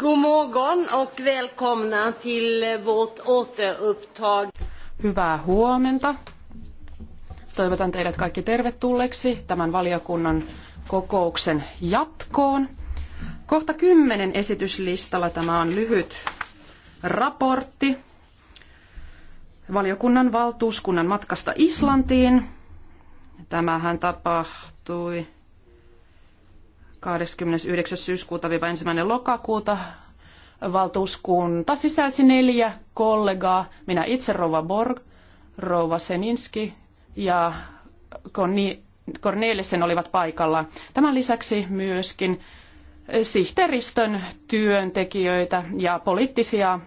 God morgon och välkomna till vårt återupptag. Hyvää huomenta. Toivotan teidät kaikki tervetulleeksi tämän valiokunnan kokouksen jatkoon. Kohta kymmenen esityslistalla tämä on lyhyt raportti valiokunnan valtuuskunnan matkasta Islantiin. Tämähän tapahtui 29. syyskuuta-1. lokakuuta valtuuskunta sisälsi neljä kollegaa, minä itse Rova Borg, Rova Seninski ja Cornelissen olivat paikalla. Tämän lisäksi myöskin sihteeristön työntekijöitä ja poliittisia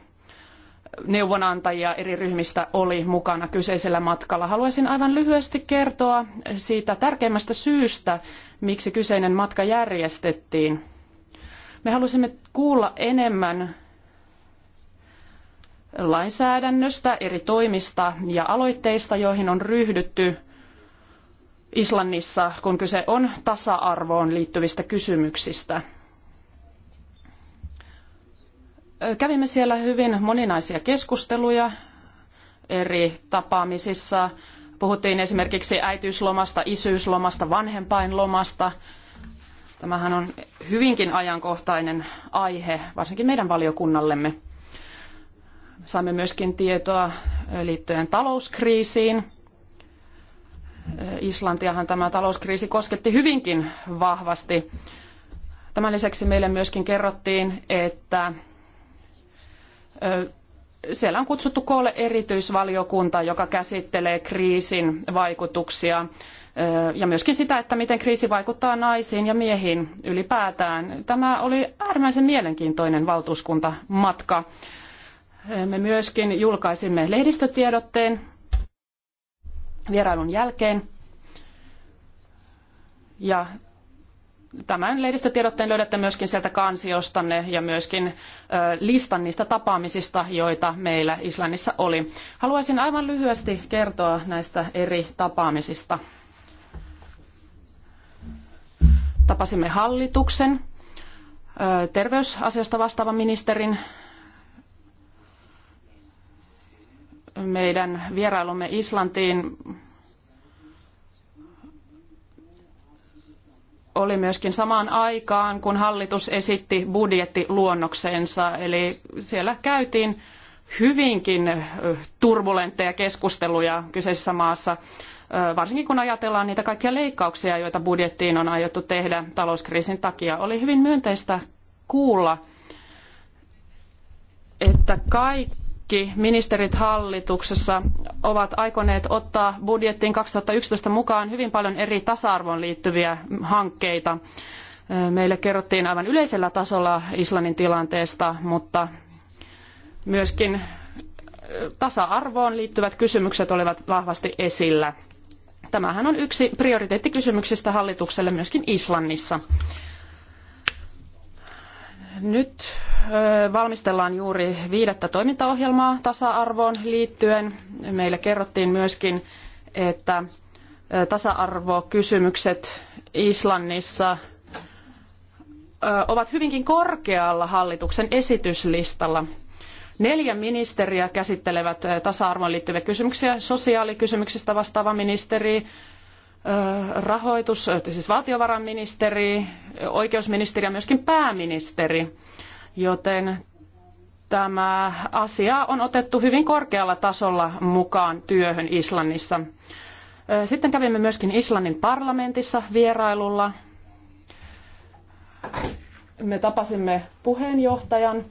neuvonantajia eri ryhmistä oli mukana kyseisellä matkalla. Haluaisin aivan lyhyesti kertoa siitä tärkeimmästä syystä, miksi kyseinen matka järjestettiin. Me halusimme kuulla enemmän lainsäädännöstä, eri toimista ja aloitteista, joihin on ryhdytty Islannissa, kun kyse on tasa-arvoon liittyvistä kysymyksistä. Kävimme siellä hyvin moninaisia keskusteluja eri tapaamisissa. Puhuttiin esimerkiksi äitiyslomasta, isyyslomasta, vanhempainlomasta. Tämähän on hyvinkin ajankohtainen aihe, varsinkin meidän valiokunnallemme. Saimme myöskin tietoa liittyen talouskriisiin. Islantiahan tämä talouskriisi kosketti hyvinkin vahvasti. Tämän lisäksi meille myöskin kerrottiin, että siellä on kutsuttu koolle erityisvaliokunta, joka käsittelee kriisin vaikutuksia ja myöskin sitä, että miten kriisi vaikuttaa naisiin ja miehiin ylipäätään. Tämä oli äärimmäisen mielenkiintoinen valtuuskuntamatka. Me myöskin julkaisimme lehdistötiedotteen vierailun jälkeen. Ja Tämän lehdistötiedotteen löydätte myöskin sieltä kansiostanne ja myöskin listan niistä tapaamisista, joita meillä Islannissa oli. Haluaisin aivan lyhyesti kertoa näistä eri tapaamisista. Tapasimme hallituksen, terveysasioista vastaavan ministerin, meidän vierailumme Islantiin oli myöskin samaan aikaan, kun hallitus esitti budjettiluonnoksensa. Eli siellä käytiin hyvinkin turbulentteja keskusteluja kyseisessä maassa, varsinkin kun ajatellaan niitä kaikkia leikkauksia, joita budjettiin on aiottu tehdä talouskriisin takia. Oli hyvin myönteistä kuulla, että kaikki kaikki ministerit hallituksessa ovat aikoneet ottaa budjettiin 2011 mukaan hyvin paljon eri tasa-arvoon liittyviä hankkeita. Meille kerrottiin aivan yleisellä tasolla Islannin tilanteesta, mutta myöskin tasa-arvoon liittyvät kysymykset olivat vahvasti esillä. Tämähän on yksi prioriteettikysymyksistä hallitukselle myöskin Islannissa. Nyt valmistellaan juuri viidettä toimintaohjelmaa tasa-arvoon liittyen. Meille kerrottiin myöskin, että tasa-arvokysymykset Islannissa ovat hyvinkin korkealla hallituksen esityslistalla. Neljä ministeriä käsittelevät tasa-arvoon liittyviä kysymyksiä. Sosiaalikysymyksistä vastaava ministeri, rahoitus, siis valtiovarainministeri, oikeusministeri ja myöskin pääministeri. Joten tämä asia on otettu hyvin korkealla tasolla mukaan työhön Islannissa. Sitten kävimme myöskin Islannin parlamentissa vierailulla. Me tapasimme puheenjohtajan,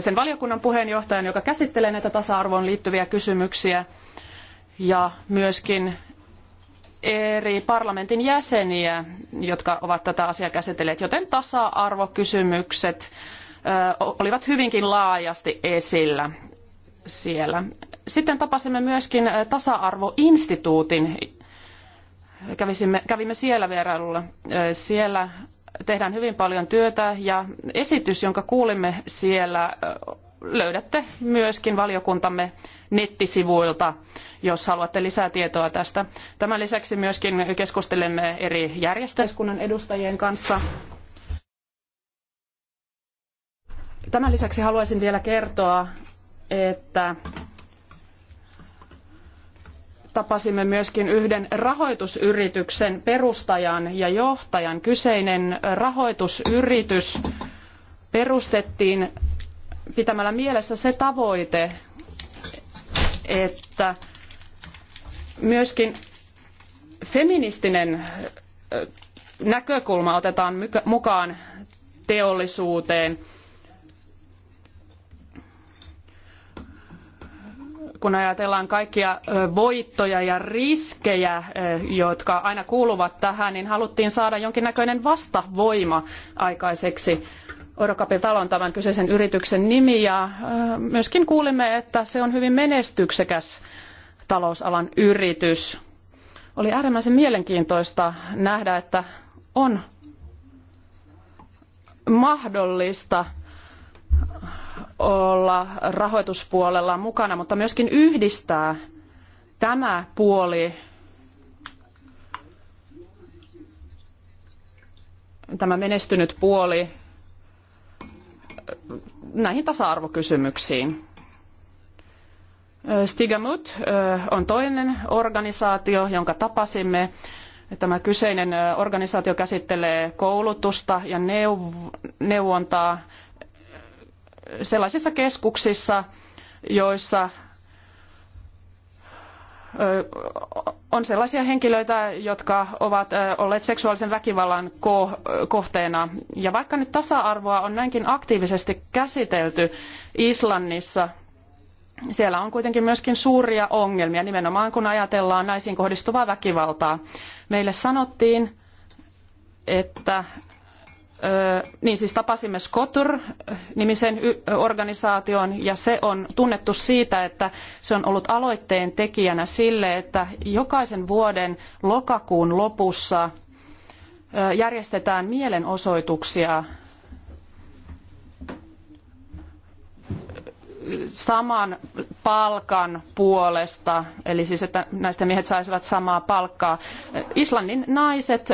sen valiokunnan puheenjohtajan, joka käsittelee näitä tasa-arvoon liittyviä kysymyksiä ja myöskin eri parlamentin jäseniä, jotka ovat tätä asiaa käsitelleet, joten tasa-arvokysymykset olivat hyvinkin laajasti esillä siellä. Sitten tapasimme myöskin tasa-arvoinstituutin. Kävisimme, kävimme siellä vierailulla. Siellä tehdään hyvin paljon työtä ja esitys, jonka kuulimme siellä, löydätte myöskin valiokuntamme nettisivuilta, jos haluatte lisää tietoa tästä. Tämän lisäksi myöskin keskustelemme eri järjestöiskunnan edustajien kanssa. Tämän lisäksi haluaisin vielä kertoa, että tapasimme myöskin yhden rahoitusyrityksen perustajan ja johtajan. Kyseinen rahoitusyritys perustettiin pitämällä mielessä se tavoite, että myöskin feministinen näkökulma otetaan mukaan teollisuuteen. kun ajatellaan kaikkia voittoja ja riskejä, jotka aina kuuluvat tähän, niin haluttiin saada jonkinnäköinen vastavoima aikaiseksi. Eurocapilta talon tämän kyseisen yrityksen nimi ja myöskin kuulimme, että se on hyvin menestyksekäs talousalan yritys. Oli äärimmäisen mielenkiintoista nähdä, että on mahdollista olla rahoituspuolella mukana, mutta myöskin yhdistää tämä puoli tämä menestynyt puoli näihin tasa-arvokysymyksiin. Stigamut on toinen organisaatio, jonka tapasimme. Tämä kyseinen organisaatio käsittelee koulutusta ja neuvontaa sellaisissa keskuksissa, joissa on sellaisia henkilöitä, jotka ovat olleet seksuaalisen väkivallan kohteena. Ja vaikka nyt tasa-arvoa on näinkin aktiivisesti käsitelty Islannissa, siellä on kuitenkin myöskin suuria ongelmia, nimenomaan kun ajatellaan naisiin kohdistuvaa väkivaltaa. Meille sanottiin, että niin siis tapasimme Skotur-nimisen organisaation ja se on tunnettu siitä, että se on ollut aloitteen tekijänä sille, että jokaisen vuoden lokakuun lopussa järjestetään mielenosoituksia saman palkan puolesta, eli siis että näistä miehet saisivat samaa palkkaa. Islannin naiset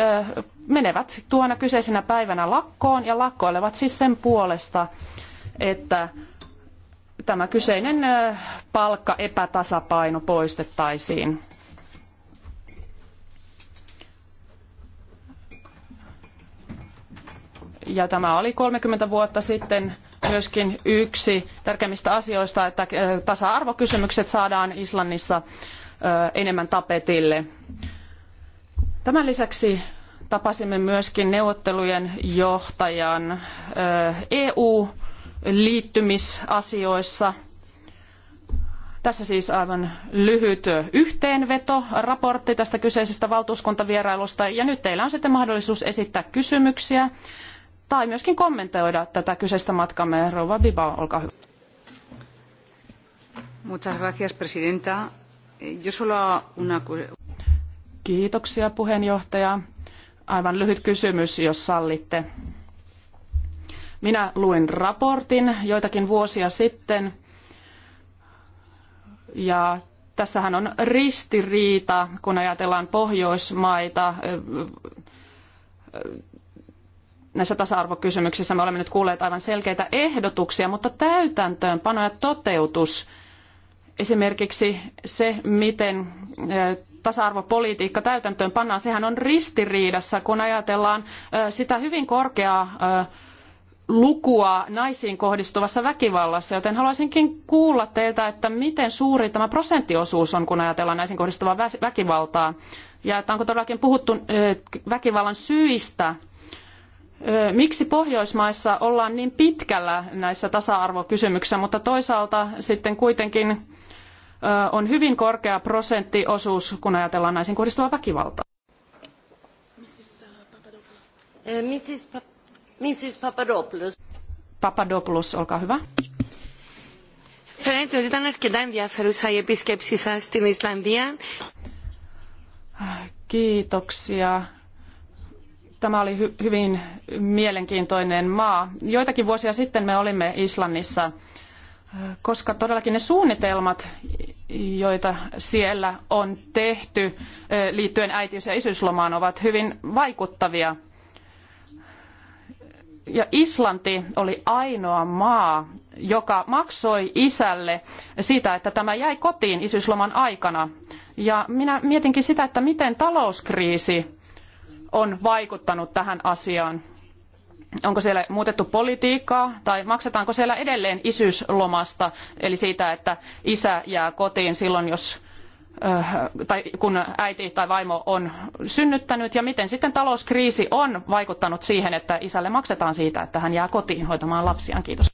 menevät tuona kyseisenä päivänä lakkoon ja lakkoilevat siis sen puolesta, että tämä kyseinen palkkaepätasapaino poistettaisiin. Ja tämä oli 30 vuotta sitten myöskin yksi tärkeimmistä asioista, että tasa-arvokysymykset saadaan Islannissa enemmän tapetille. Tämän lisäksi tapasimme myöskin neuvottelujen johtajan EU-liittymisasioissa. Tässä siis aivan lyhyt yhteenveto, raportti tästä kyseisestä valtuuskuntavierailusta. Ja nyt teillä on sitten mahdollisuus esittää kysymyksiä tai myöskin kommentoida tätä kyseistä matkamme. Rouva Biba, olkaa hyvä. Muchas gracias, presidenta. Yo solo una... Kiitoksia, puheenjohtaja. Aivan lyhyt kysymys, jos sallitte. Minä luin raportin joitakin vuosia sitten, ja tässähän on ristiriita, kun ajatellaan Pohjoismaita näissä tasa-arvokysymyksissä me olemme nyt kuulleet aivan selkeitä ehdotuksia, mutta täytäntöönpano ja toteutus, esimerkiksi se, miten tasa-arvopolitiikka täytäntöön pannaan, sehän on ristiriidassa, kun ajatellaan sitä hyvin korkeaa lukua naisiin kohdistuvassa väkivallassa, joten haluaisinkin kuulla teiltä, että miten suuri tämä prosenttiosuus on, kun ajatellaan naisiin kohdistuvaa väkivaltaa, ja että onko todellakin puhuttu väkivallan syistä, miksi Pohjoismaissa ollaan niin pitkällä näissä tasa-arvokysymyksissä, mutta toisaalta sitten kuitenkin on hyvin korkea prosenttiosuus, kun ajatellaan naisiin kohdistuvaa väkivaltaa. Mrs. Papadopoulos. Papadopoulos, olkaa hyvä. Φαίνεται ότι ήταν αρκετά ενδιαφέρουσα η επίσκεψή σας στην Ισλανδία. Kiitoksia Tämä oli hy- hyvin mielenkiintoinen maa. Joitakin vuosia sitten me olimme Islannissa, koska todellakin ne suunnitelmat, joita siellä on tehty eh, liittyen äitiys- ja isyyslomaan, ovat hyvin vaikuttavia. Ja Islanti oli ainoa maa, joka maksoi isälle siitä, että tämä jäi kotiin isyysloman aikana. Ja minä mietinkin sitä, että miten talouskriisi on vaikuttanut tähän asiaan? Onko siellä muutettu politiikkaa tai maksetaanko siellä edelleen isyyslomasta, eli siitä, että isä jää kotiin silloin, jos tai kun äiti tai vaimo on synnyttänyt ja miten sitten talouskriisi on vaikuttanut siihen, että isälle maksetaan siitä, että hän jää kotiin hoitamaan lapsiaan. Kiitos.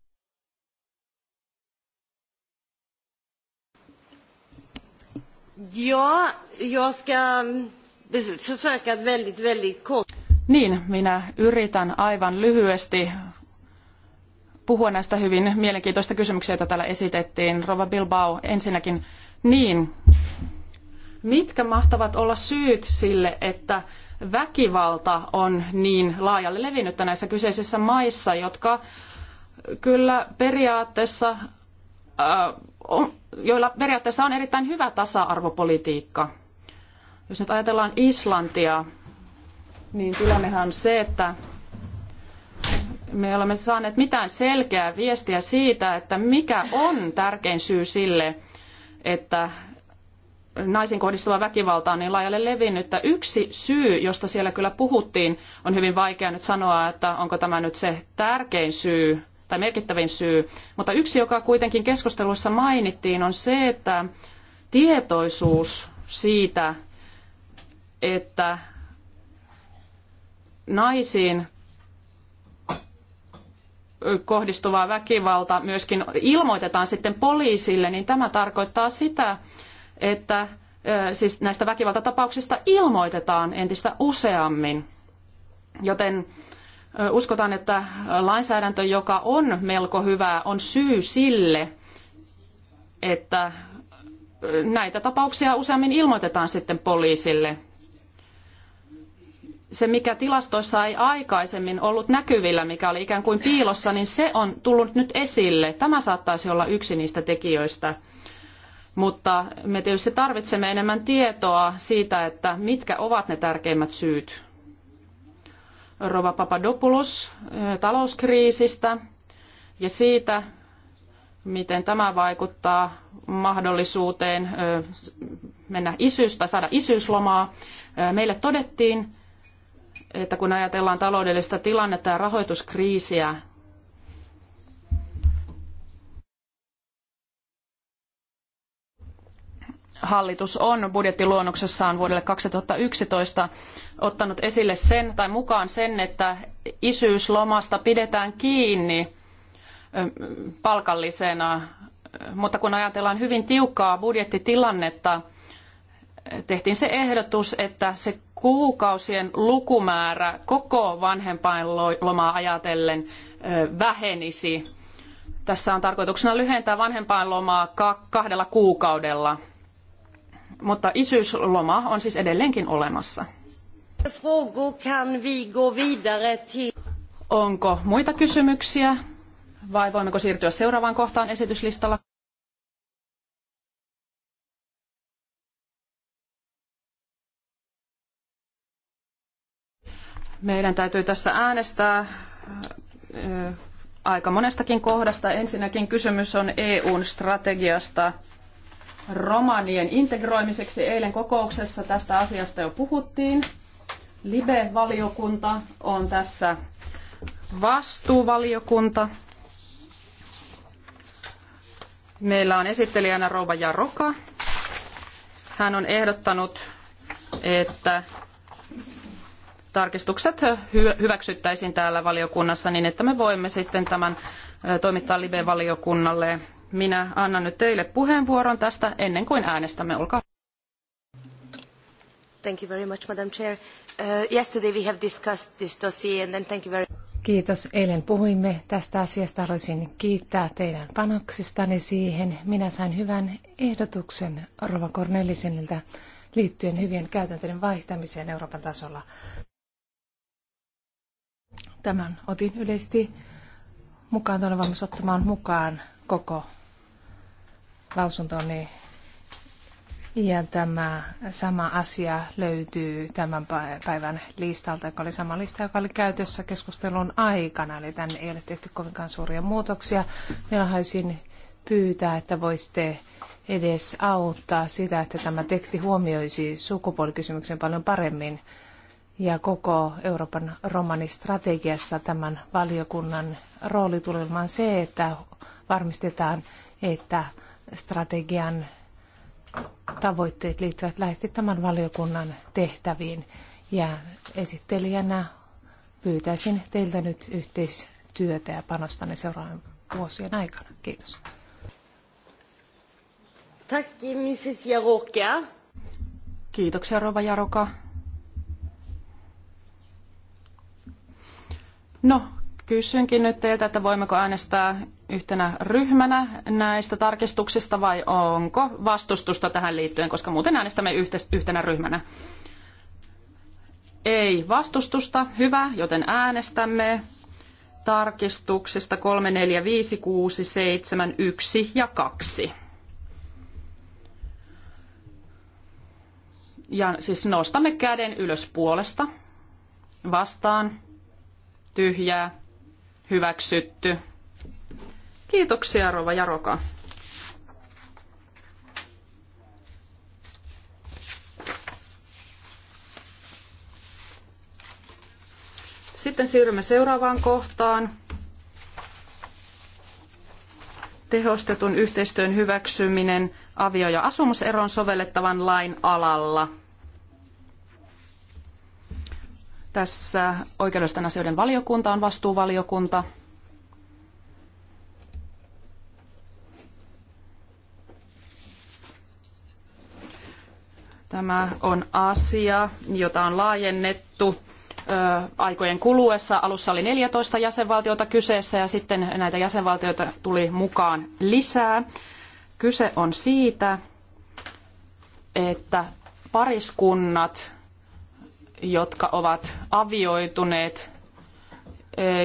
Joo, jos ska niin, minä yritän aivan lyhyesti puhua näistä hyvin mielenkiintoista kysymyksiä, joita täällä esitettiin. Rova Bilbao, ensinnäkin niin, mitkä mahtavat olla syyt sille, että väkivalta on niin laajalle levinnyttä näissä kyseisissä maissa, jotka kyllä periaatteessa, äh, joilla periaatteessa on erittäin hyvä tasa-arvopolitiikka. Jos nyt ajatellaan Islantia, niin tilannehan on se, että me olemme saaneet mitään selkeää viestiä siitä, että mikä on tärkein syy sille, että naisiin kohdistuva väkivalta on niin laajalle levinnyttä. Yksi syy, josta siellä kyllä puhuttiin, on hyvin vaikea nyt sanoa, että onko tämä nyt se tärkein syy tai merkittävin syy. Mutta yksi, joka kuitenkin keskusteluissa mainittiin, on se, että tietoisuus siitä, että naisiin kohdistuvaa väkivalta myöskin ilmoitetaan sitten poliisille, niin tämä tarkoittaa sitä, että siis näistä väkivaltatapauksista ilmoitetaan entistä useammin. Joten uskotaan, että lainsäädäntö, joka on melko hyvää, on syy sille, että näitä tapauksia useammin ilmoitetaan sitten poliisille se, mikä tilastoissa ei aikaisemmin ollut näkyvillä, mikä oli ikään kuin piilossa, niin se on tullut nyt esille. Tämä saattaisi olla yksi niistä tekijöistä. Mutta me tietysti tarvitsemme enemmän tietoa siitä, että mitkä ovat ne tärkeimmät syyt. Rova Papadopoulos talouskriisistä ja siitä, miten tämä vaikuttaa mahdollisuuteen mennä isyys tai saada isyyslomaa. Meille todettiin, että kun ajatellaan taloudellista tilannetta ja rahoituskriisiä, hallitus on budjettiluonnoksessaan vuodelle 2011 ottanut esille sen tai mukaan sen, että isyyslomasta pidetään kiinni palkallisena, mutta kun ajatellaan hyvin tiukkaa budjettitilannetta, tehtiin se ehdotus, että se kuukausien lukumäärä koko vanhempainlomaa ajatellen vähenisi. Tässä on tarkoituksena lyhentää vanhempainlomaa kahdella kuukaudella, mutta isyysloma on siis edelleenkin olemassa. Onko muita kysymyksiä vai voimmeko siirtyä seuraavaan kohtaan esityslistalla? Meidän täytyy tässä äänestää äh, aika monestakin kohdasta. Ensinnäkin kysymys on EUn strategiasta romanien integroimiseksi. Eilen kokouksessa tästä asiasta jo puhuttiin. Libe-valiokunta on tässä vastuuvaliokunta. Meillä on esittelijänä Rouva Jaroka. Hän on ehdottanut, että tarkistukset hyväksyttäisiin täällä valiokunnassa niin, että me voimme sitten tämän toimittaa Libe-valiokunnalle. Minä annan nyt teille puheenvuoron tästä ennen kuin äänestämme. Olkaa Thank you very much, Madam Chair. Uh, yesterday we have discussed this dossier and then thank you very Kiitos. Eilen puhuimme tästä asiasta. Haluaisin kiittää teidän panoksistanne siihen. Minä sain hyvän ehdotuksen Rova Cornelisenilta liittyen hyvien käytäntöjen vaihtamiseen Euroopan tasolla. Tämän otin yleisesti mukaan, olen valmis ottamaan mukaan koko lausuntoni. Ja tämä sama asia löytyy tämän päivän listalta, joka oli sama lista, joka oli käytössä keskustelun aikana. Eli tänne ei ole tehty kovinkaan suuria muutoksia. Minä haluaisin pyytää, että voisitte edes auttaa sitä, että tämä teksti huomioisi sukupuolikysymyksen paljon paremmin ja koko Euroopan romanistrategiassa tämän valiokunnan rooli tulee olemaan se, että varmistetaan, että strategian tavoitteet liittyvät läheisesti tämän valiokunnan tehtäviin. Ja esittelijänä pyytäisin teiltä nyt yhteistyötä ja panostanne seuraavien vuosien aikana. Kiitos. Tack, Mrs. Jaroka. Kiitoksia, Rova Jaroka. No, kysynkin nyt teiltä, että voimmeko äänestää yhtenä ryhmänä näistä tarkistuksista vai onko vastustusta tähän liittyen, koska muuten äänestämme yhtenä ryhmänä. Ei vastustusta, hyvä, joten äänestämme tarkistuksista 3, 4, 5, 6, 7, 1 ja 2. Ja siis nostamme käden ylös puolesta vastaan tyhjää, hyväksytty. Kiitoksia Rova Jaroka. Sitten siirrymme seuraavaan kohtaan. Tehostetun yhteistyön hyväksyminen avio- ja asumuseron sovellettavan lain alalla. Tässä oikeudellisten asioiden valiokunta on vastuuvaliokunta. Tämä on asia, jota on laajennettu aikojen kuluessa. Alussa oli 14 jäsenvaltiota kyseessä ja sitten näitä jäsenvaltioita tuli mukaan lisää. Kyse on siitä, että pariskunnat jotka ovat avioituneet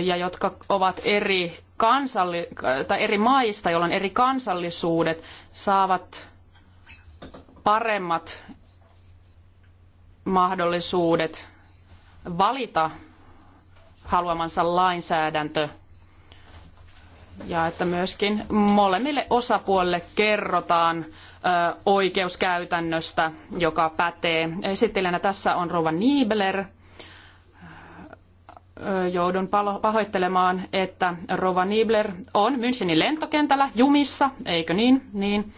ja jotka ovat eri, kansalli- tai eri maista, joilla on eri kansallisuudet, saavat paremmat mahdollisuudet valita haluamansa lainsäädäntö ja että myöskin molemmille osapuolille kerrotaan oikeuskäytännöstä, joka pätee. Esittelijänä tässä on Rova Niebler. Joudun pahoittelemaan, että Rova Niebler on Münchenin lentokentällä jumissa, eikö niin? niin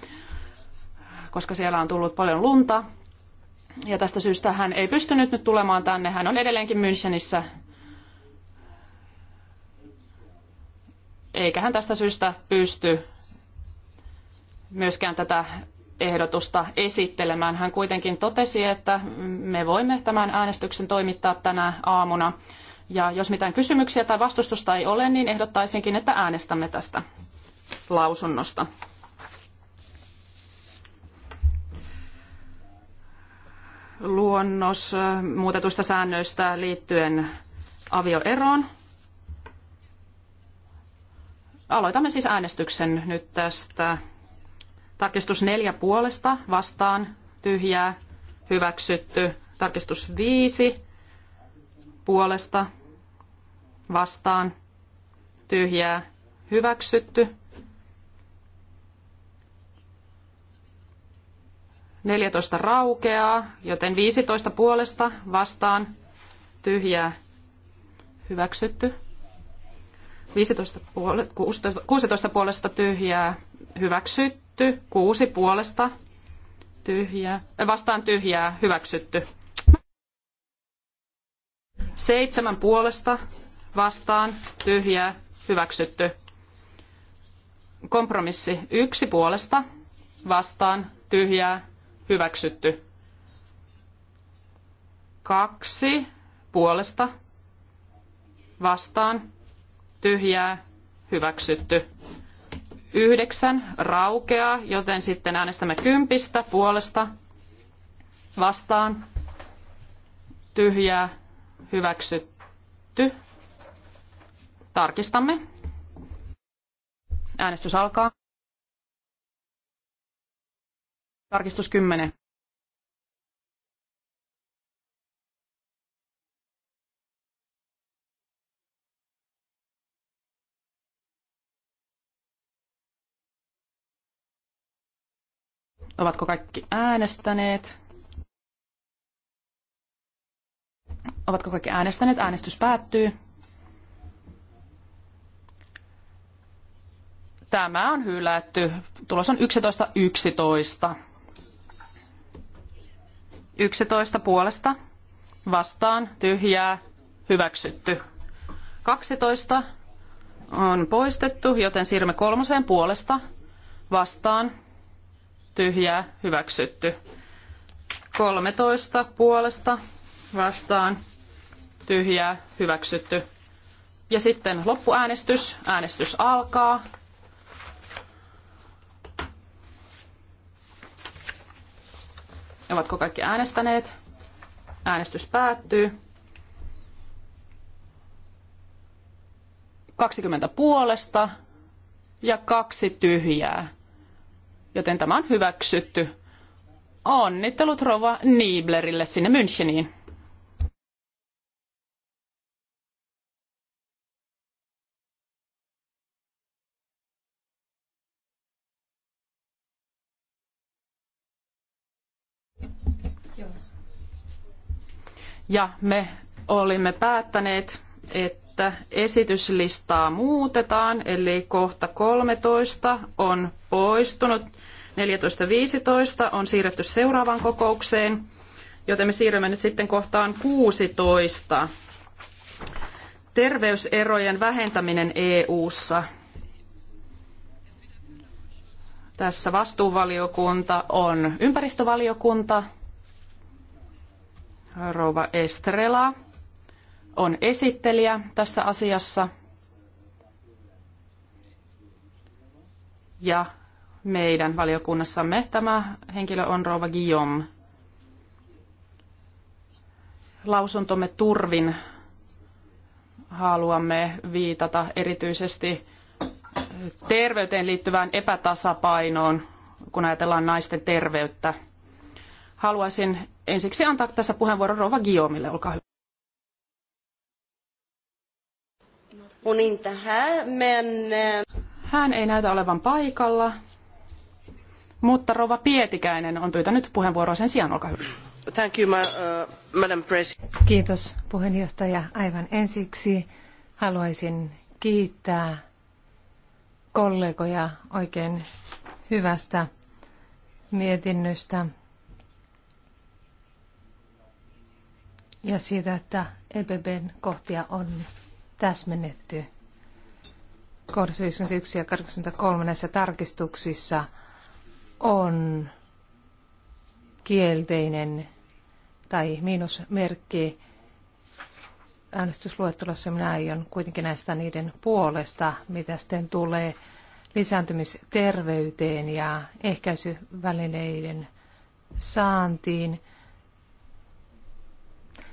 koska siellä on tullut paljon lunta. Ja tästä syystä hän ei pystynyt nyt tulemaan tänne. Hän on edelleenkin Münchenissä. Eikä hän tästä syystä pysty myöskään tätä ehdotusta esittelemään. Hän kuitenkin totesi, että me voimme tämän äänestyksen toimittaa tänä aamuna. Ja jos mitään kysymyksiä tai vastustusta ei ole, niin ehdottaisinkin, että äänestämme tästä lausunnosta. Luonnos muutetuista säännöistä liittyen avioeroon. Aloitamme siis äänestyksen nyt tästä Tarkistus neljä puolesta vastaan tyhjää hyväksytty. Tarkistus viisi puolesta vastaan tyhjää hyväksytty. 14 raukeaa, joten 15 puolesta vastaan tyhjää hyväksytty. 15 puole- 16 puolesta tyhjää hyväksytty hyväksytty, Kuusi puolesta tyhjää. Äh, vastaan tyhjää hyväksytty. Seitsemän puolesta vastaan tyhjää hyväksytty. Kompromissi yksi puolesta vastaan tyhjää hyväksytty. Kaksi puolesta vastaan tyhjää hyväksytty. Yhdeksän, raukeaa, joten sitten äänestämme kympistä puolesta vastaan tyhjää hyväksytty. Tarkistamme. Äänestys alkaa. Tarkistus 10. Ovatko kaikki äänestäneet? Ovatko kaikki äänestäneet? Äänestys päättyy. Tämä on hylätty. Tulos on 11.11. 11. 11 puolesta vastaan tyhjää hyväksytty. 12 on poistettu, joten siirrymme kolmoseen puolesta vastaan tyhjää hyväksytty. 13 puolesta vastaan tyhjää hyväksytty. Ja sitten loppuäänestys. Äänestys alkaa. Ovatko kaikki äänestäneet? Äänestys päättyy. 20 puolesta ja kaksi tyhjää joten tämä on hyväksytty. Onnittelut Rova Nieblerille sinne Müncheniin. Ja me olimme päättäneet että esityslistaa muutetaan, eli kohta 13 on poistunut, 14.15 on siirretty seuraavaan kokoukseen, joten me siirrymme nyt sitten kohtaan 16. Terveyserojen vähentäminen EU:ssa. Tässä vastuuvaliokunta on ympäristövaliokunta, rouva Estrela on esittelijä tässä asiassa. Ja meidän valiokunnassamme tämä henkilö on Rova Guillaume. Lausuntomme turvin haluamme viitata erityisesti terveyteen liittyvään epätasapainoon, kun ajatellaan naisten terveyttä. Haluaisin ensiksi antaa tässä puheenvuoron Rova Guillaumeille. Olkaa hyvä. on inte här, men... Eh, Hän ei näytä olevan paikalla, mutta Rova Pietikäinen on pyytänyt puheenvuoroa sen sijaan, olkaa hyvä. Thank you, ma, uh, Madam President. Kiitos puheenjohtaja. Aivan ensiksi haluaisin kiittää kollegoja oikein hyvästä mietinnöstä ja siitä, että EPBn kohtia on täsmennetty kohdassa 51 ja 83 näissä tarkistuksissa on kielteinen tai miinusmerkki äänestysluettelossa. Minä aion kuitenkin näistä niiden puolesta, mitä sitten tulee lisääntymisterveyteen ja ehkäisyvälineiden saantiin.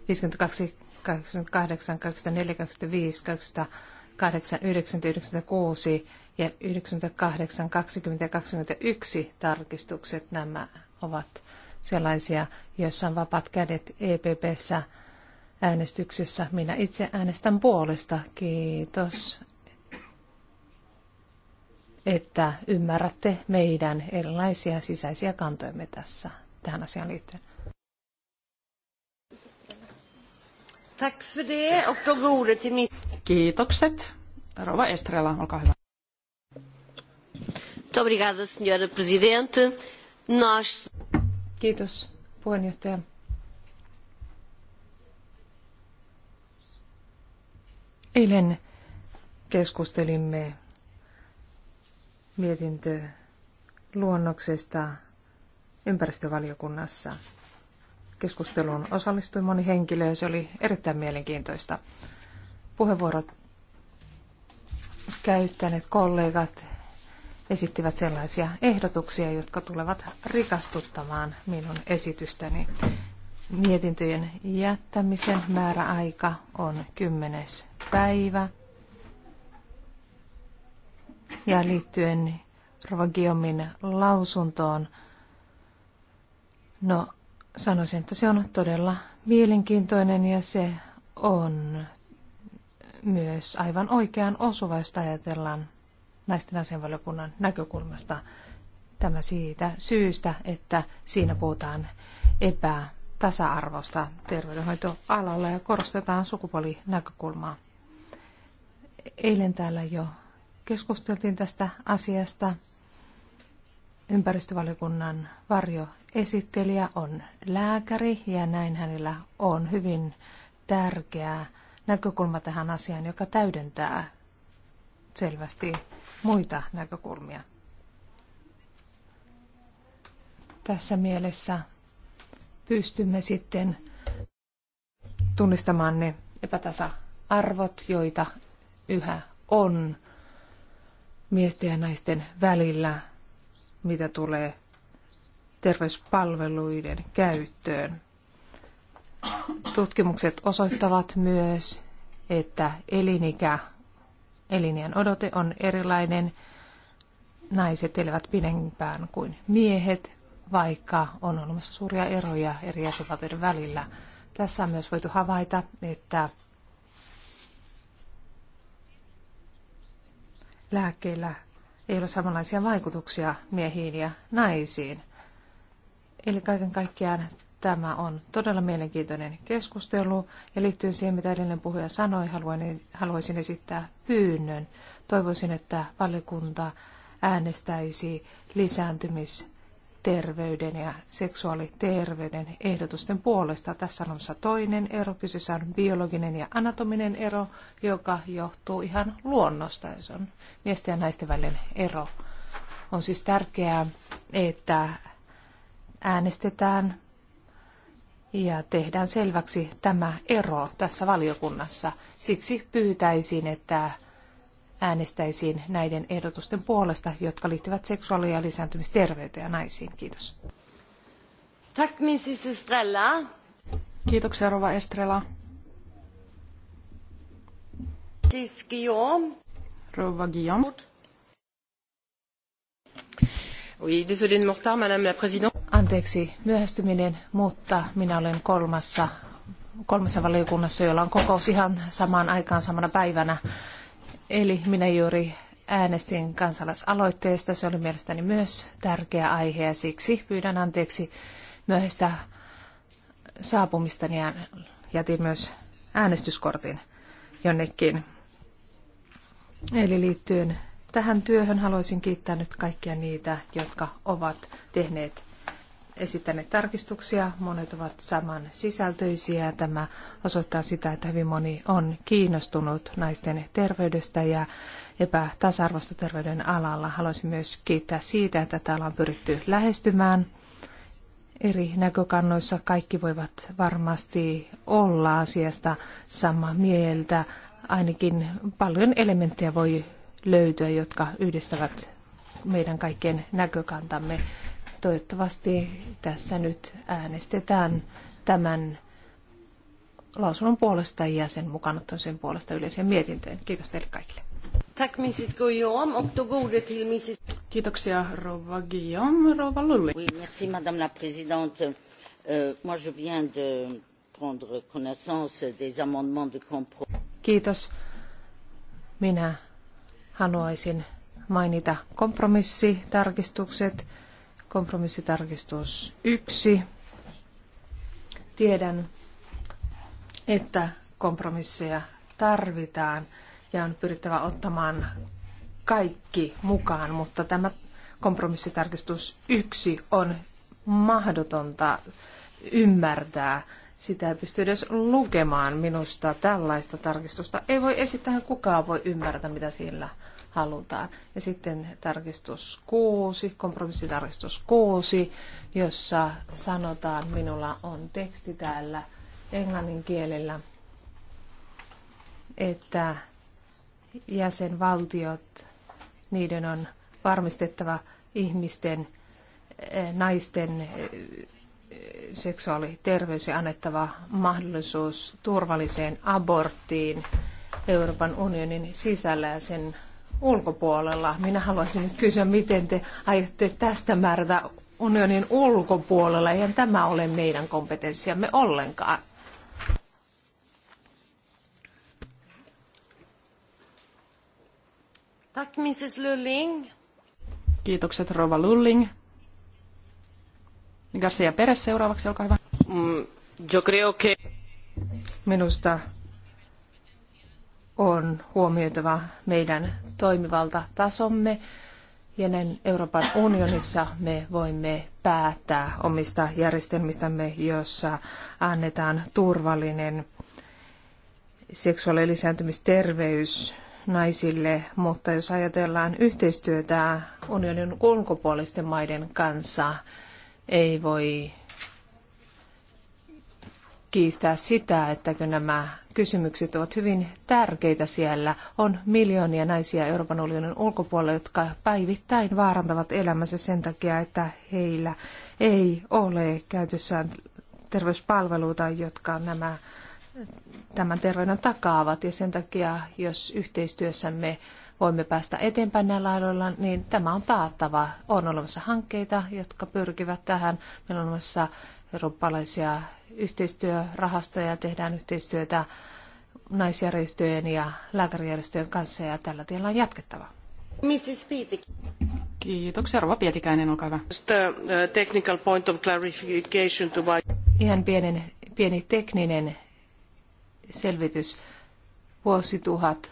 52 88, 204, 205, 208, 96 ja 98, 20 ja 21 tarkistukset. Nämä ovat sellaisia, joissa on vapaat kädet EPPssä äänestyksessä. Minä itse äänestän puolesta. Kiitos, että ymmärrätte meidän erilaisia sisäisiä kantoimme tässä tähän asiaan liittyen. Tack för det. Och då går ordet till min... Kiitokset. Rova Estrella, olkaa hyvä. Obrigada, senhora presidente. Nós... Kiitos, puheenjohtaja. Eilen keskustelimme mietintö luonnoksesta ympäristövaliokunnassa – Keskusteluun osallistui moni henkilö ja se oli erittäin mielenkiintoista. Puheenvuorot käyttäneet kollegat esittivät sellaisia ehdotuksia, jotka tulevat rikastuttamaan minun esitystäni. Mietintöjen jättämisen määräaika on 10. päivä. Ja liittyen Rovagiomin lausuntoon, no sanoisin, että se on todella mielenkiintoinen ja se on myös aivan oikean osuva, jos ajatellaan naisten asianvaliokunnan näkökulmasta. Tämä siitä syystä, että siinä puhutaan epätasa-arvosta terveydenhoitoalalla ja korostetaan sukupuolinäkökulmaa. Eilen täällä jo keskusteltiin tästä asiasta ympäristövaliokunnan varjoesittelijä on lääkäri ja näin hänellä on hyvin tärkeä näkökulma tähän asiaan, joka täydentää selvästi muita näkökulmia. Tässä mielessä pystymme sitten tunnistamaan ne epätasa-arvot, joita yhä on miesten ja naisten välillä mitä tulee terveyspalveluiden käyttöön. Tutkimukset osoittavat myös, että elinikä, elinien odote on erilainen. Naiset elävät pidempään kuin miehet, vaikka on olemassa suuria eroja eri jäsenvaltioiden välillä. Tässä on myös voitu havaita, että lääkkeillä ei ole samanlaisia vaikutuksia miehiin ja naisiin. Eli kaiken kaikkiaan tämä on todella mielenkiintoinen keskustelu ja liittyy siihen, mitä edellinen puhuja sanoi, e- haluaisin esittää pyynnön. Toivoisin, että valiokunta äänestäisi lisääntymis terveyden ja seksuaaliterveyden ehdotusten puolesta. Tässä on toinen ero, kyseessä on biologinen ja anatominen ero, joka johtuu ihan luonnosta. Se on miesten ja naisten välinen ero. On siis tärkeää, että äänestetään ja tehdään selväksi tämä ero tässä valiokunnassa. Siksi pyytäisin, että äänestäisiin näiden ehdotusten puolesta, jotka liittyvät seksuaali- ja lisääntymisterveyteen ja naisiin. Kiitos. Tack, Mrs. Estrella. Kiitoksia, Rova Estrella. Siis Guillaume. Rova Guillaume. Oui, désolé de mon retard, Madame la Présidente. Anteeksi myöhästyminen, mutta minä olen kolmassa, kolmessa valiokunnassa, jolla on kokous ihan samaan aikaan samana päivänä Eli minä juuri äänestin kansalaisaloitteesta. Se oli mielestäni myös tärkeä aihe ja siksi pyydän anteeksi myöhäistä saapumistani ja jätin myös äänestyskortin jonnekin. Eli liittyen tähän työhön haluaisin kiittää nyt kaikkia niitä, jotka ovat tehneet esittäneet tarkistuksia, monet ovat saman sisältöisiä. Tämä osoittaa sitä, että hyvin moni on kiinnostunut naisten terveydestä ja epätasa-arvosta terveyden alalla. Haluaisin myös kiittää siitä, että täällä on pyritty lähestymään eri näkökannoissa. Kaikki voivat varmasti olla asiasta samaa mieltä. Ainakin paljon elementtejä voi löytyä, jotka yhdistävät meidän kaikkien näkökantamme Toivottavasti tässä nyt äänestetään tämän lausunnon puolesta ja sen mukanotton sen puolesta yleiseen mietintöön. Kiitos teille kaikille. Tack Mrs Guillaume och då går det till Mrs... Kiitoksia Rova Guillaume, Rova Lulli. Oui, merci madame la présidente. Euh, moi je viens de prendre connaissance des amendements de compromis. Kiitos. Minä haluaisin mainita kompromissitarkistukset Kompromissitarkistus yksi. Tiedän, että kompromisseja tarvitaan ja on pyrittävä ottamaan kaikki mukaan, mutta tämä kompromissitarkistus yksi on mahdotonta ymmärtää. Sitä ei pysty edes lukemaan minusta. Tällaista tarkistusta ei voi esittää, kukaan voi ymmärtää, mitä sillä halutaan. Ja sitten tarkistus 6, kompromissitarkistus 6, jossa sanotaan, minulla on teksti täällä englannin kielellä, että jäsenvaltiot, niiden on varmistettava ihmisten, eh, naisten eh, seksuaaliterveys ja annettava mahdollisuus turvalliseen aborttiin Euroopan unionin sisällä ja sen ulkopuolella. Minä haluaisin nyt kysyä, miten te aiotte tästä määrätä unionin ulkopuolella. Eihän tämä ole meidän kompetenssiamme ollenkaan. Tack, Mrs. Lulling. Kiitokset, Rova Lulling. Garcia Perez seuraavaksi, olkaa hyvä. Mm, Minusta on huomioitava meidän toimivaltatasomme. Ja näin Euroopan unionissa me voimme päättää omista järjestelmistämme, jossa annetaan turvallinen seksuaali- ja lisääntymisterveys naisille, mutta jos ajatellaan yhteistyötä unionin ulkopuolisten maiden kanssa, ei voi kiistää sitä, että nämä kysymykset ovat hyvin tärkeitä siellä. On miljoonia naisia Euroopan unionin ulkopuolella, jotka päivittäin vaarantavat elämänsä sen takia, että heillä ei ole käytössään terveyspalveluita, jotka nämä tämän terveyden takaavat. Ja sen takia, jos yhteistyössämme voimme päästä eteenpäin näillä aloilla, niin tämä on taattava. On olemassa hankkeita, jotka pyrkivät tähän. Meillä on olemassa eurooppalaisia yhteistyörahastoja, tehdään yhteistyötä naisjärjestöjen ja lääkärijärjestöjen kanssa ja tällä tiellä on jatkettava. Mrs. Kiitoksia. Rova Pietikäinen, olkaa hyvä. Uh, uh, technical point of clarification to my... Ihan pienen, pieni tekninen selvitys. Vuosituhat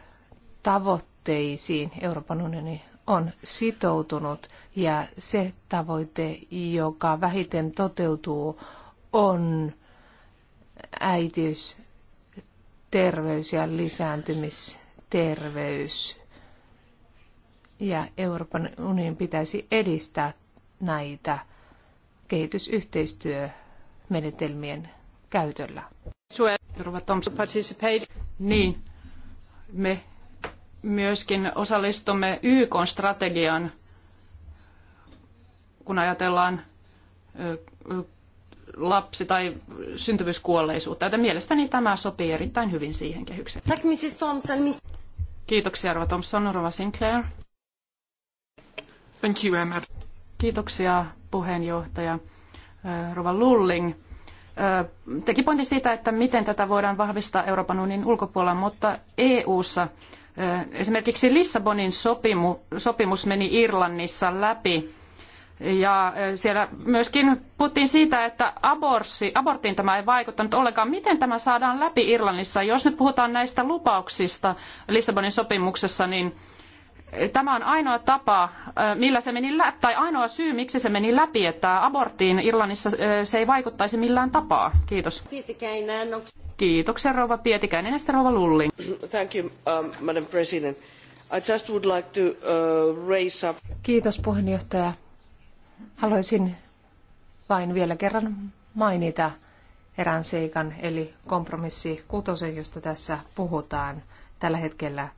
tavoitteisiin Euroopan unioni on sitoutunut ja se tavoite, joka vähiten toteutuu, on äitiys, terveys ja lisääntymisterveys. Ja Euroopan unionin pitäisi edistää näitä kehitysyhteistyömenetelmien käytöllä. Niin, me myöskin osallistumme YK-strategiaan, kun ajatellaan lapsi- tai syntyvyyskuolleisuutta, joten mielestäni tämä sopii erittäin hyvin siihen kehykseen. Mrs. Thompson. Kiitoksia, Rova Thompson, Rova Sinclair. Thank you, Emma. Kiitoksia, puheenjohtaja Rova Lulling. Teki pointin siitä, että miten tätä voidaan vahvistaa Euroopan unionin ulkopuolella, mutta EU-ssa Esimerkiksi Lissabonin sopimu, sopimus meni Irlannissa läpi ja siellä myöskin puhuttiin siitä, että aborsi, aborttiin tämä ei vaikuttanut ollenkaan. Miten tämä saadaan läpi Irlannissa? Jos nyt puhutaan näistä lupauksista Lissabonin sopimuksessa, niin Tämä on ainoa tapa, millä se meni läpi, tai ainoa syy, miksi se meni läpi, että aborttiin Irlannissa se ei vaikuttaisi millään tapaa. Kiitos. Pietikäinen. Kiitoksia rouva Pietikäinen ja rouva Lulli. Thank you, um, Madam President. I just would like to uh, raise up... Kiitos puheenjohtaja. Haluaisin vain vielä kerran mainita erään seikan, eli kompromissi kutosen, josta tässä puhutaan tällä hetkellä –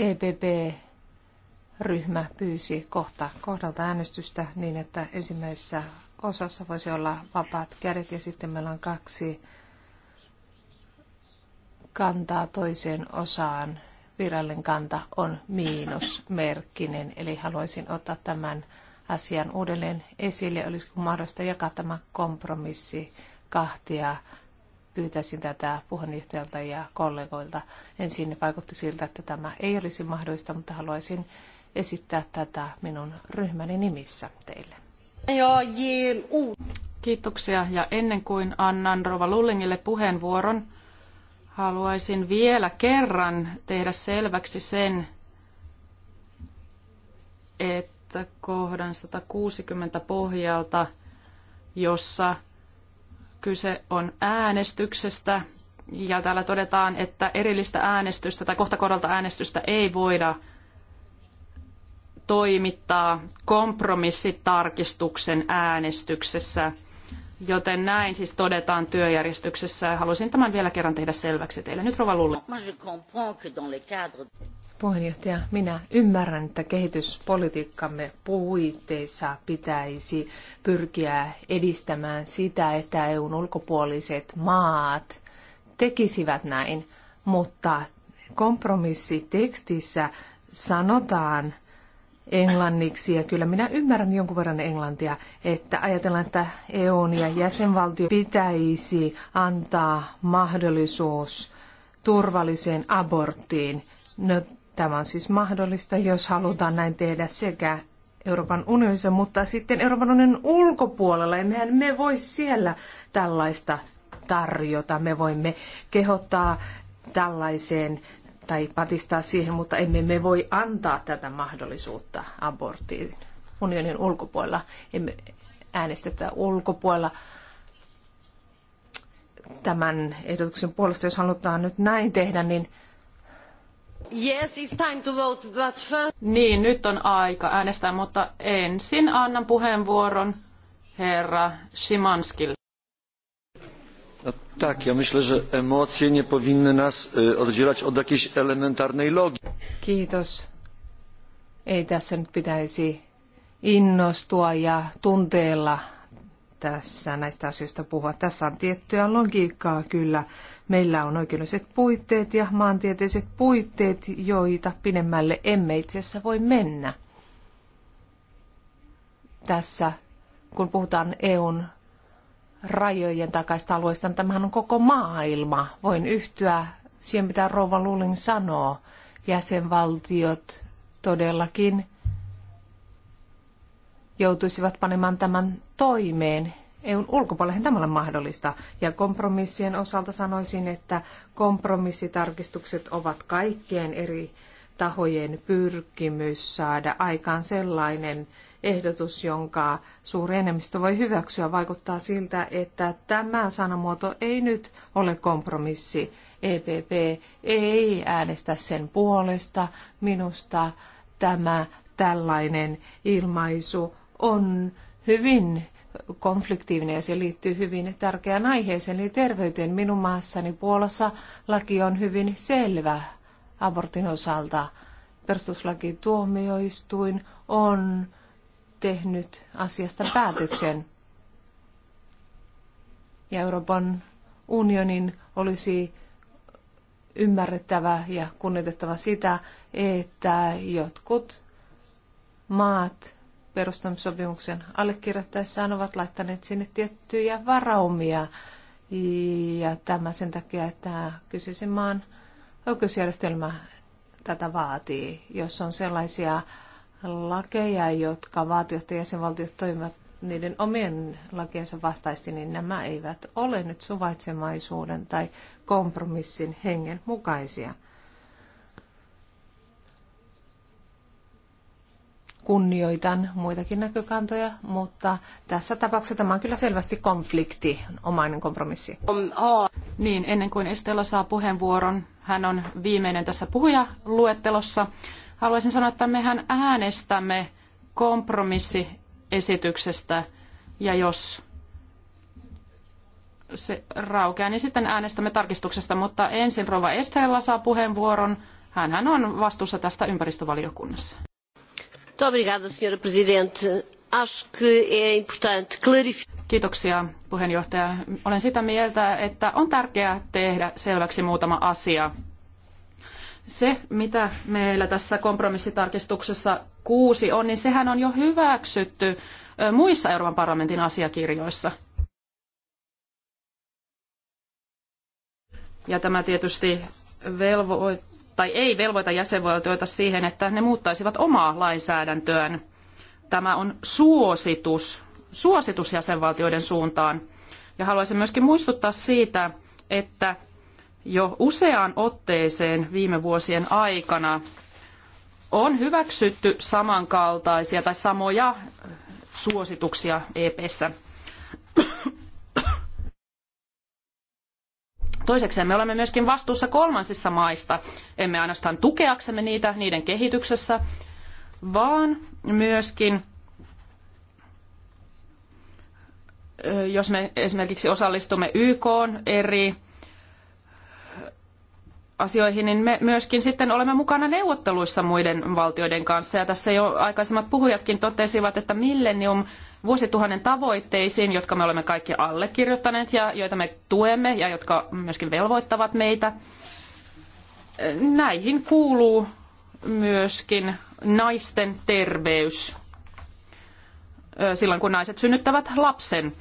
EPP-ryhmä pyysi kohta kohdalta äänestystä niin, että ensimmäisessä osassa voisi olla vapaat kädet ja sitten meillä on kaksi kantaa toiseen osaan. Virallinen kanta on miinusmerkkinen, eli haluaisin ottaa tämän asian uudelleen esille. Olisiko mahdollista jakaa tämä kompromissi kahtia pyytäisin tätä puheenjohtajalta ja kollegoilta. Ensin vaikutti siltä, että tämä ei olisi mahdollista, mutta haluaisin esittää tätä minun ryhmäni nimissä teille. Kiitoksia ja ennen kuin annan Rova Lullingille puheenvuoron, haluaisin vielä kerran tehdä selväksi sen, että kohdan 160 pohjalta, jossa Kyse on äänestyksestä ja täällä todetaan, että erillistä äänestystä tai kohtakorralta äänestystä ei voida toimittaa kompromissitarkistuksen äänestyksessä. Joten näin siis todetaan työjärjestyksessä. Haluaisin tämän vielä kerran tehdä selväksi teille. Nyt Rova Lulli. Puheenjohtaja, minä ymmärrän, että kehityspolitiikkamme puitteissa pitäisi pyrkiä edistämään sitä, että EUn ulkopuoliset maat tekisivät näin, mutta kompromissitekstissä sanotaan englanniksi, ja kyllä minä ymmärrän jonkun verran englantia, että ajatellaan, että EUn ja jäsenvaltio pitäisi antaa mahdollisuus turvalliseen aborttiin. No, Tämä on siis mahdollista, jos halutaan näin tehdä sekä Euroopan unionissa, mutta sitten Euroopan unionin ulkopuolella. Emmehän me voi siellä tällaista tarjota. Me voimme kehottaa tällaiseen tai patistaa siihen, mutta emme me voi antaa tätä mahdollisuutta aborttiin unionin ulkopuolella. Emme äänestetä ulkopuolella tämän ehdotuksen puolesta, jos halutaan nyt näin tehdä, niin Yes, it's time to vote, but first... Niin, nyt on aika äänestää, mutta ensin annan puheenvuoron herra Szymanskille. No, tak, ja myślę, że emocje nie powinny nas oddzielać od jakiejś elementarnej logii. Kiitos. Ei tässä nyt pitäisi innostua ja tunteella tässä näistä asioista puhua. Tässä on tiettyä logiikkaa kyllä. Meillä on oikeudelliset puitteet ja maantieteiset puitteet, joita pidemmälle emme itse asiassa voi mennä. Tässä, kun puhutaan EUn rajojen takaisista alueista, niin tämähän on koko maailma. Voin yhtyä siihen, mitä Rova Lulin sanoo. Jäsenvaltiot todellakin joutuisivat panemaan tämän toimeen. EUn ulkopuolelle tämä on mahdollista. Ja kompromissien osalta sanoisin, että kompromissitarkistukset ovat kaikkien eri tahojen pyrkimys saada aikaan sellainen ehdotus, jonka suuri enemmistö voi hyväksyä. Vaikuttaa siltä, että tämä sanamuoto ei nyt ole kompromissi. EPP ei äänestä sen puolesta. Minusta tämä tällainen ilmaisu on hyvin konfliktiivinen ja se liittyy hyvin tärkeään aiheeseen, eli terveyteen. Minun maassani Puolassa laki on hyvin selvä abortin osalta. Perustuslakituomioistuin on tehnyt asiasta päätöksen. Ja Euroopan unionin olisi ymmärrettävä ja kunnioitettava sitä, että jotkut maat perustamissopimuksen allekirjoittaessaan ovat laittaneet sinne tiettyjä varaumia. Ja tämä sen takia, että kyseisen maan oikeusjärjestelmä tätä vaatii. Jos on sellaisia lakeja, jotka vaativat ja jäsenvaltiot toimivat niiden omien lakiensa vastaisesti, niin nämä eivät ole nyt suvaitsemaisuuden tai kompromissin hengen mukaisia. kunnioitan muitakin näkökantoja, mutta tässä tapauksessa tämä on kyllä selvästi konflikti, omainen kompromissi. Niin, ennen kuin Estella saa puheenvuoron, hän on viimeinen tässä puhujaluettelossa. Haluaisin sanoa, että mehän äänestämme kompromissiesityksestä ja jos se raukeaa, niin sitten äänestämme tarkistuksesta, mutta ensin Rova Estella saa puheenvuoron. Hänhän on vastuussa tästä ympäristövaliokunnassa arvoisa puhemies Kiitoksia puheenjohtaja. Olen sitä mieltä, että on tärkeää tehdä selväksi muutama asia. Se, mitä meillä tässä kompromissitarkistuksessa kuusi on, niin sehän on jo hyväksytty muissa Euroopan parlamentin asiakirjoissa. Ja tämä tietysti velvoittaa tai ei velvoita jäsenvaltioita siihen, että ne muuttaisivat omaa lainsäädäntöään. Tämä on suositus, suositus jäsenvaltioiden suuntaan. Ja haluaisin myöskin muistuttaa siitä, että jo useaan otteeseen viime vuosien aikana on hyväksytty samankaltaisia tai samoja suosituksia EPssä. Toisekseen me olemme myöskin vastuussa kolmansissa maista, emme ainoastaan tukeaksemme niitä niiden kehityksessä, vaan myöskin jos me esimerkiksi osallistumme YK eri asioihin, niin me myöskin sitten olemme mukana neuvotteluissa muiden valtioiden kanssa. Ja tässä jo aikaisemmat puhujatkin totesivat, että millennium vuosituhannen tavoitteisiin, jotka me olemme kaikki allekirjoittaneet ja joita me tuemme ja jotka myöskin velvoittavat meitä. Näihin kuuluu myöskin naisten terveys silloin, kun naiset synnyttävät lapsen.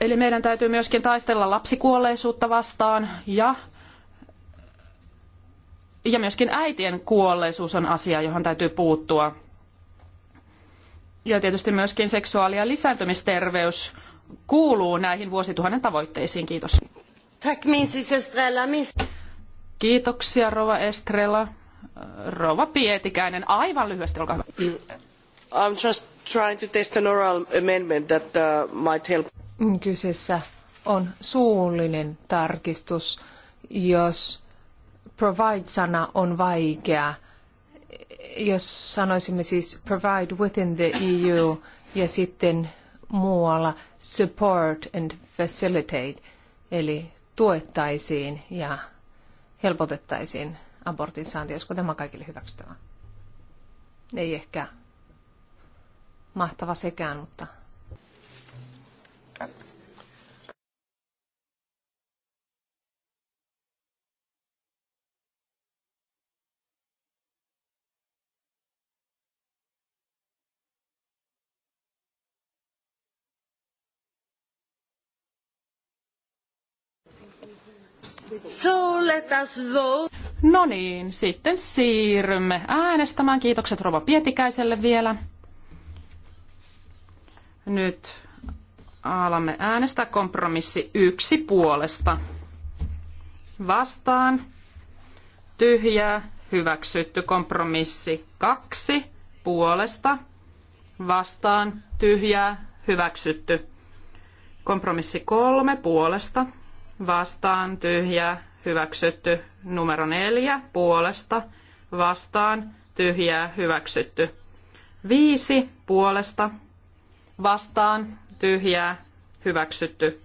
Eli meidän täytyy myöskin taistella lapsikuolleisuutta vastaan ja ja myöskin äitien kuolleisuus on asia, johon täytyy puuttua. Ja tietysti myöskin seksuaali- ja lisääntymisterveys kuuluu näihin vuosituhannen tavoitteisiin. Kiitos. Kiitoksia Rova Estrella. Rova Pietikäinen, aivan lyhyesti, olkaa hyvä. I'm just trying to test an oral amendment that uh, might help. Kyseessä on suullinen tarkistus, jos provide-sana on vaikea. Jos sanoisimme siis provide within the EU ja sitten muualla support and facilitate, eli tuettaisiin ja helpotettaisiin abortin saantia, olisiko tämä kaikille hyväksyttävää? Ei ehkä mahtava sekään, mutta So let us vote. No niin, sitten siirrymme äänestämään. Kiitokset Rova Pietikäiselle vielä. Nyt alamme äänestää kompromissi yksi puolesta. Vastaan. Tyhjää. Hyväksytty kompromissi kaksi puolesta. Vastaan. Tyhjää. Hyväksytty. Kompromissi kolme puolesta vastaan tyhjää hyväksytty. Numero neljä puolesta vastaan tyhjää hyväksytty. Viisi puolesta vastaan tyhjää hyväksytty.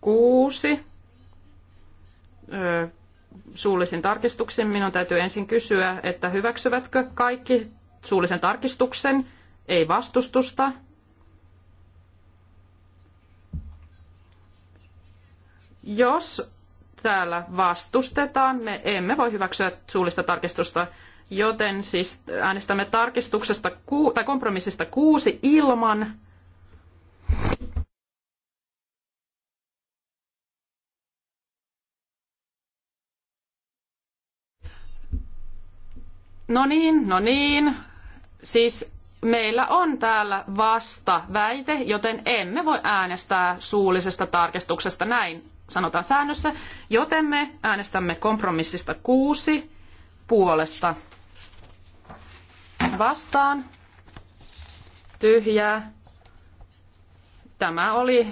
Kuusi suullisin tarkistuksen. Minun täytyy ensin kysyä, että hyväksyvätkö kaikki suullisen tarkistuksen, ei vastustusta, Jos täällä vastustetaan, me emme voi hyväksyä suullista tarkistusta, joten siis äänestämme tarkistuksesta ku, tai kompromissista kuusi ilman No niin, no niin. Siis meillä on täällä vasta väite, joten emme voi äänestää suullisesta tarkistuksesta näin sanotaan säännössä, joten me äänestämme kompromissista kuusi puolesta vastaan tyhjää. Tämä oli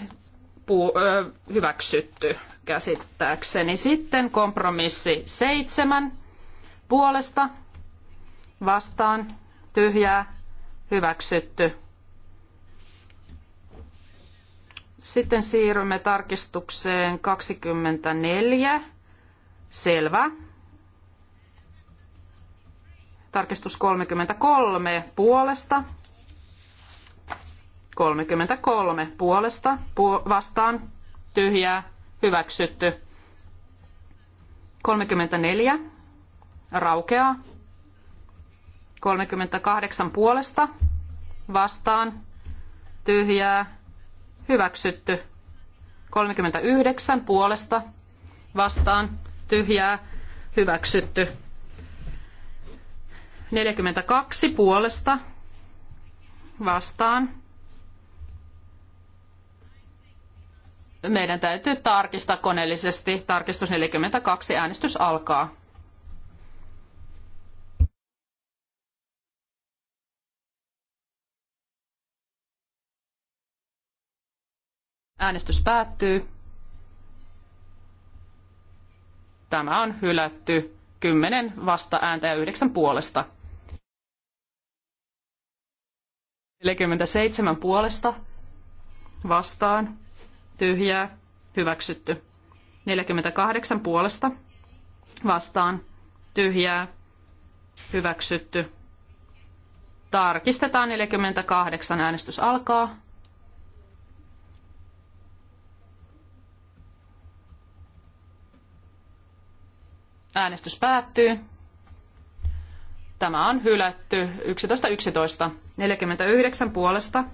ö, hyväksytty käsittääkseni. Sitten kompromissi seitsemän puolesta vastaan tyhjää hyväksytty. Sitten siirrymme tarkistukseen 24. Selvä. Tarkistus 33 puolesta. 33 puolesta Puo- vastaan tyhjää hyväksytty. 34 raukeaa. 38 puolesta vastaan tyhjää hyväksytty. 39 puolesta vastaan tyhjää hyväksytty. 42 puolesta vastaan. Meidän täytyy tarkistaa koneellisesti. Tarkistus 42. Äänestys alkaa. Äänestys päättyy. Tämä on hylätty. 10 vasta ääntä ja 9 puolesta. 47 puolesta vastaan tyhjää hyväksytty. 48 puolesta vastaan tyhjää hyväksytty. Tarkistetaan 48 äänestys alkaa. Äänestys päättyy. Tämä on hylätty 11.11. 11. 49 puolesta.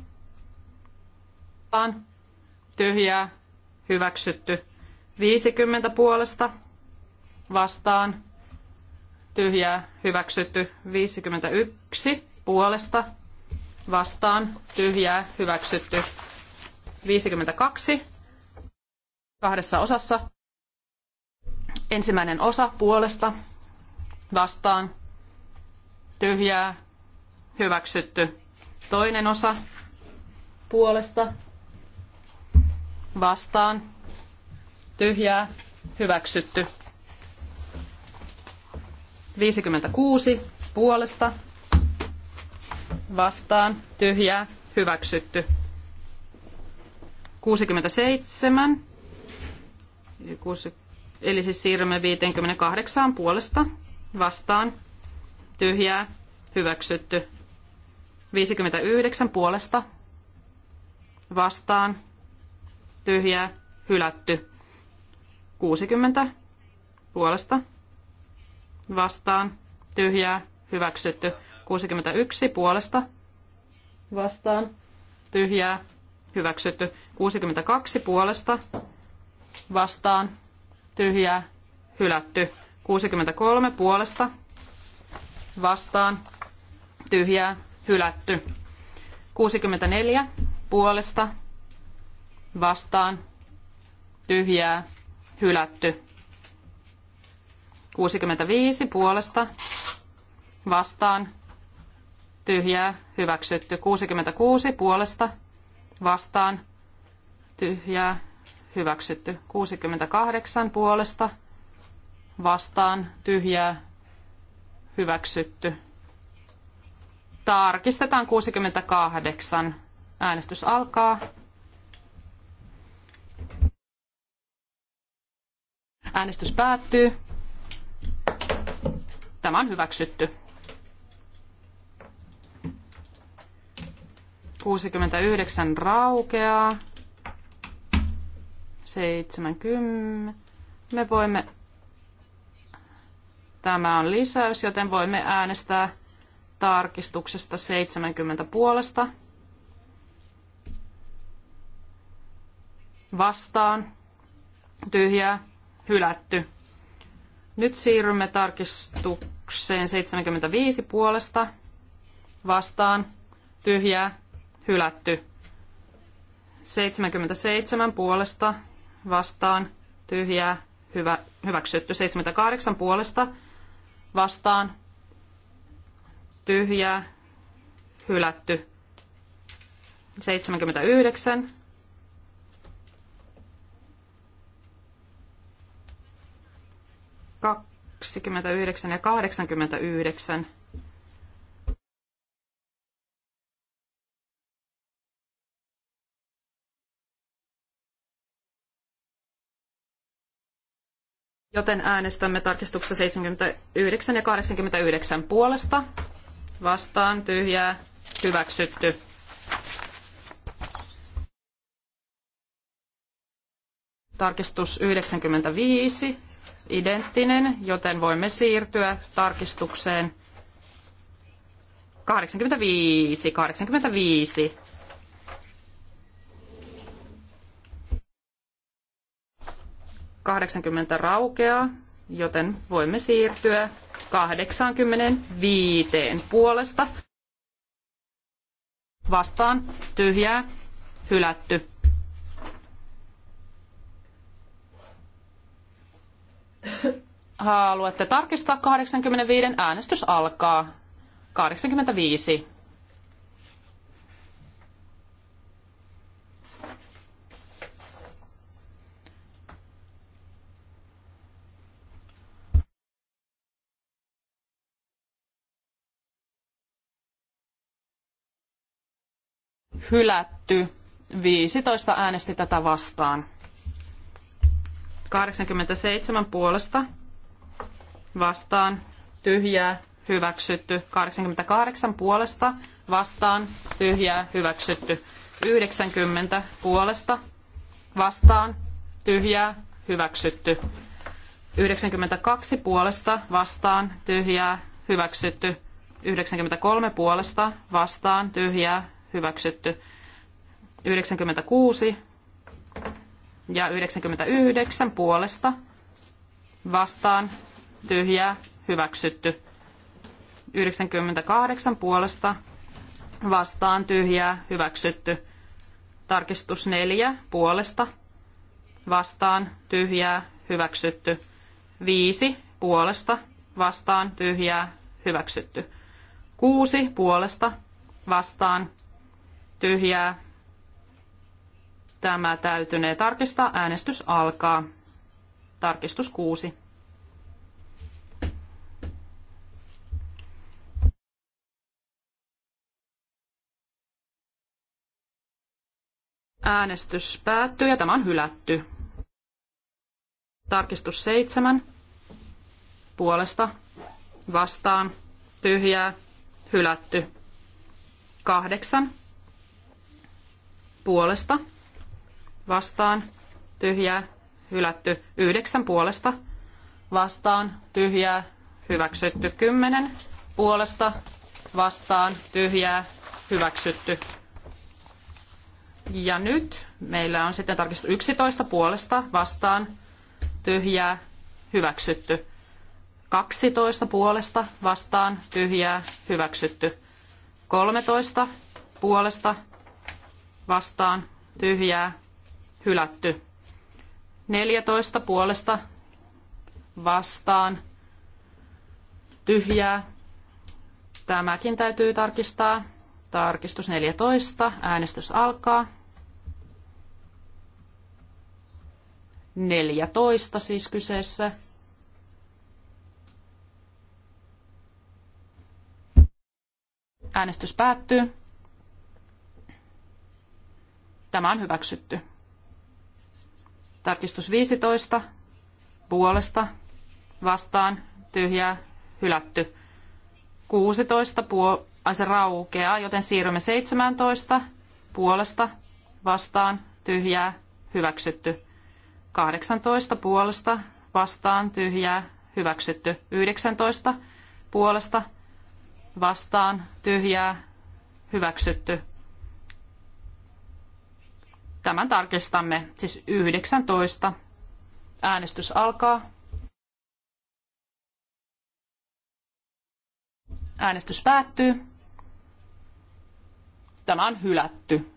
Vaan tyhjää hyväksytty. 50 puolesta vastaan tyhjää hyväksytty. 51 puolesta vastaan tyhjää hyväksytty. 52 kahdessa osassa Ensimmäinen osa puolesta vastaan tyhjää hyväksytty. Toinen osa puolesta vastaan tyhjää hyväksytty. 56 puolesta vastaan tyhjää hyväksytty. 67 60 Eli siis siirrymme 58 puolesta vastaan. Tyhjää. Hyväksytty. 59 puolesta vastaan. Tyhjää. Hylätty. 60 puolesta vastaan. Tyhjää. Hyväksytty. 61 puolesta vastaan. Tyhjää. Hyväksytty. 62 puolesta vastaan tyhjää, hylätty. 63 puolesta vastaan, tyhjää, hylätty. 64 puolesta vastaan, tyhjää, hylätty. 65 puolesta vastaan, tyhjää, hyväksytty. 66 puolesta vastaan, tyhjää, hyväksytty. 68 puolesta vastaan tyhjää hyväksytty. Tarkistetaan 68. Äänestys alkaa. Äänestys päättyy. Tämä on hyväksytty. 69 raukeaa. 70. Me voimme, tämä on lisäys, joten voimme äänestää tarkistuksesta 70 puolesta. Vastaan. Tyhjää. Hylätty. Nyt siirrymme tarkistukseen 75 puolesta. Vastaan. Tyhjää. Hylätty. 77 puolesta vastaan, tyhjää, hyvä, hyväksytty. 78 puolesta vastaan, tyhjää, hylätty. 79 29 ja 89 Joten äänestämme tarkistuksessa 79 ja 89 puolesta. Vastaan tyhjää, hyväksytty. Tarkistus 95, identtinen, joten voimme siirtyä tarkistukseen 85, 85 80 raukeaa, joten voimme siirtyä 85 puolesta. Vastaan tyhjää, hylätty. Haluatte tarkistaa 85, äänestys alkaa. 85. hylätty. 15 äänesti tätä vastaan. 87 puolesta vastaan tyhjää hyväksytty. 88 puolesta vastaan tyhjää hyväksytty. 90 puolesta vastaan tyhjää hyväksytty. 92 puolesta vastaan tyhjää hyväksytty. 93 puolesta vastaan tyhjää hyväksytty. 96 ja 99 puolesta vastaan tyhjää hyväksytty. 98 puolesta vastaan tyhjää hyväksytty. Tarkistus 4 puolesta vastaan tyhjää hyväksytty. 5 puolesta vastaan tyhjää hyväksytty. 6 puolesta vastaan tyhjää. Tämä täytynee tarkistaa. Äänestys alkaa. Tarkistus 6. Äänestys päättyy ja tämä on hylätty. Tarkistus 7. Puolesta. Vastaan. Tyhjää. Hylätty. 8 puolesta, vastaan, tyhjää, hylätty. Yhdeksän puolesta, vastaan, tyhjää, hyväksytty. Kymmenen puolesta, vastaan, tyhjää, hyväksytty. Ja nyt meillä on sitten tarkistus 11 puolesta, vastaan, tyhjää, hyväksytty. 12 puolesta, vastaan, tyhjää, hyväksytty. 13 puolesta, vastaan tyhjää hylätty. 14 puolesta vastaan tyhjää. Tämäkin täytyy tarkistaa. Tarkistus 14. Äänestys alkaa. 14 siis kyseessä. Äänestys päättyy. Tämä on hyväksytty. Tarkistus 15. Puolesta. Vastaan. Tyhjää. Hylätty. 16. Puo- ai se raukeaa, joten siirrymme 17. Puolesta. Vastaan. Tyhjää. Hyväksytty. 18. Puolesta. Vastaan. Tyhjää. Hyväksytty. 19. Puolesta. Vastaan. Tyhjää. Hyväksytty. Tämän tarkistamme. Siis 19. Äänestys alkaa. Äänestys päättyy. Tämä on hylätty.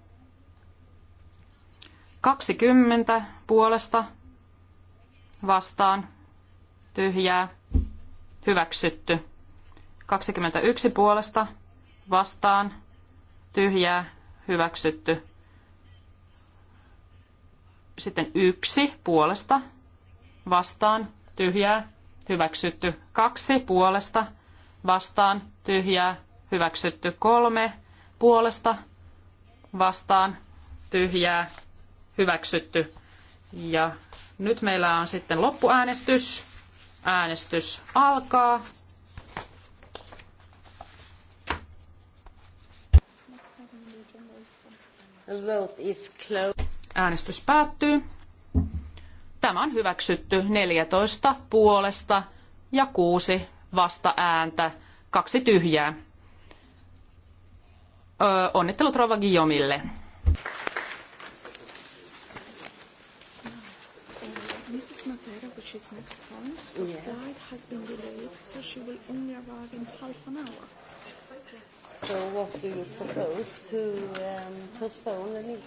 20 puolesta vastaan tyhjää hyväksytty. 21 puolesta vastaan tyhjää hyväksytty. Sitten yksi puolesta vastaan tyhjää hyväksytty. Kaksi puolesta vastaan tyhjää hyväksytty. Kolme puolesta vastaan tyhjää hyväksytty. Ja nyt meillä on sitten loppuäänestys. Äänestys alkaa. The vote is closed. Äänestys päättyy. Tämä on hyväksytty 14 puolesta ja 6 vasta ääntä, kaksi tyhjää. Öö, onnittelut Rova Guillaumeille. so So what do you propose to um, postpone the meeting?